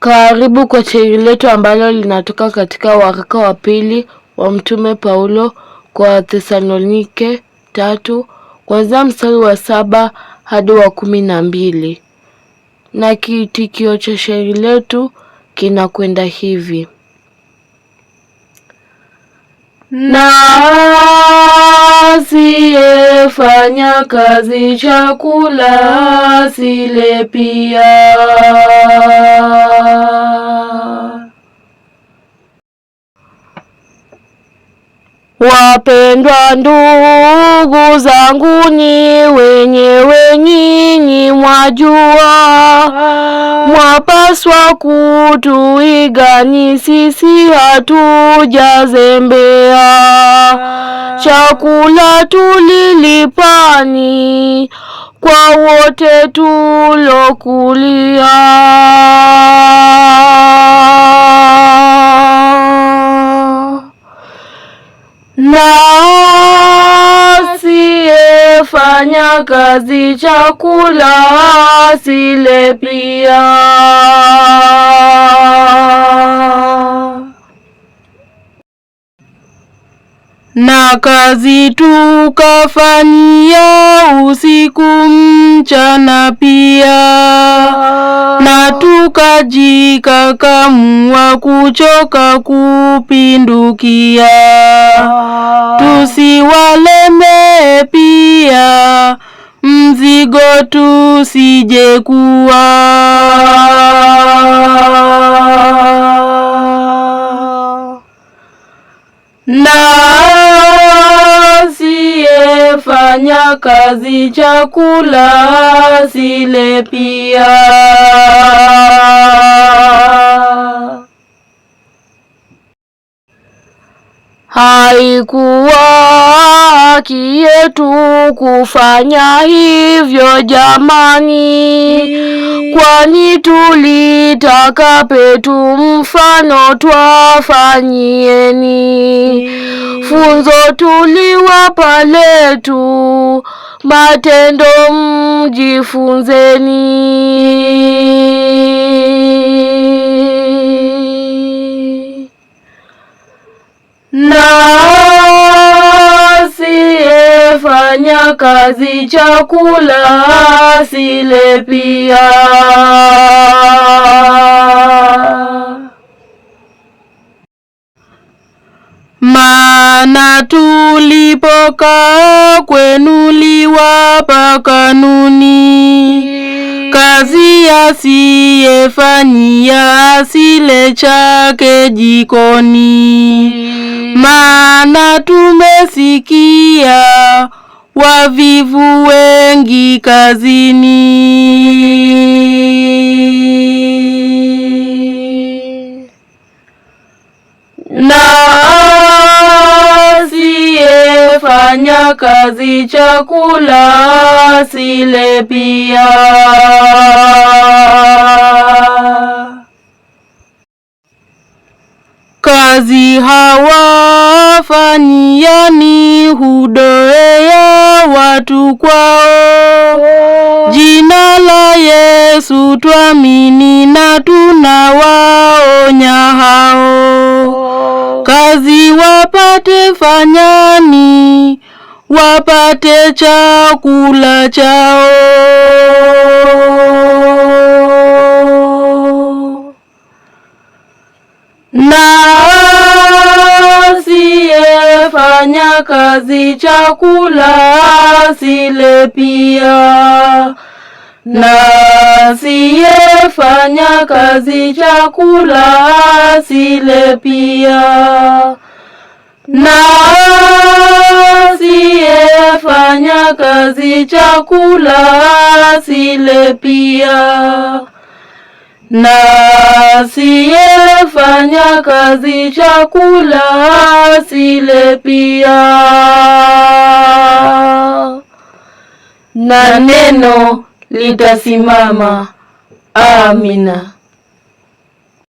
Karibu kwa shairi letu ambalo linatoka katika waraka wa pili wa Mtume Paulo kwa thesalonike tatu kuanzia mstari wa saba hadi wa kumi na mbili na kiitikio cha shairi letu kinakwenda hivi: na asiyefanya kazi chakula asile pia Wapendwa ndugu zangu ni wenyewe nyinyi mwajua, ah. mwapaswa kutuigani, sisi hatujazembea. Ah. Chakula tulilipani kwa wote tulokulia. fanya kazi, chakula asile pia. Na kazi tukafanyia, usiku mchana pia, na tukajikakamua, kuchoka kupindukia, ah. tusiwalemee tusijekuwa na asiyefanya kazi chakula sile pia. Haikuwa haki yetu kufanya hivyo jamani, kwani tulitaka petu mfano twafanyieni. Funzo tuliwapa letu, matendo mjifunzeni. fanya kazi chakula asile pia. Maana tulipokaa kwenu liwapa kanuni, kazi asiyefanyia asile chake jikoni. Maana tumesikia wavivu wengi kazini na asiyefanya kazi chakula asile pia. Kazi hawa wafanyiani hudoea watu kwao. Jina la Yesu twamini na tunawaonya hao, kazi wapate fanyani, wapate chakula chao. na fanya kazi, chakula asile pia, na asiyefanya kazi, chakula asile pia, na asiyefanya kazi, chakula asile pia na asiyefanya kazi chakula asile pia. Na neno litasimama. Amina.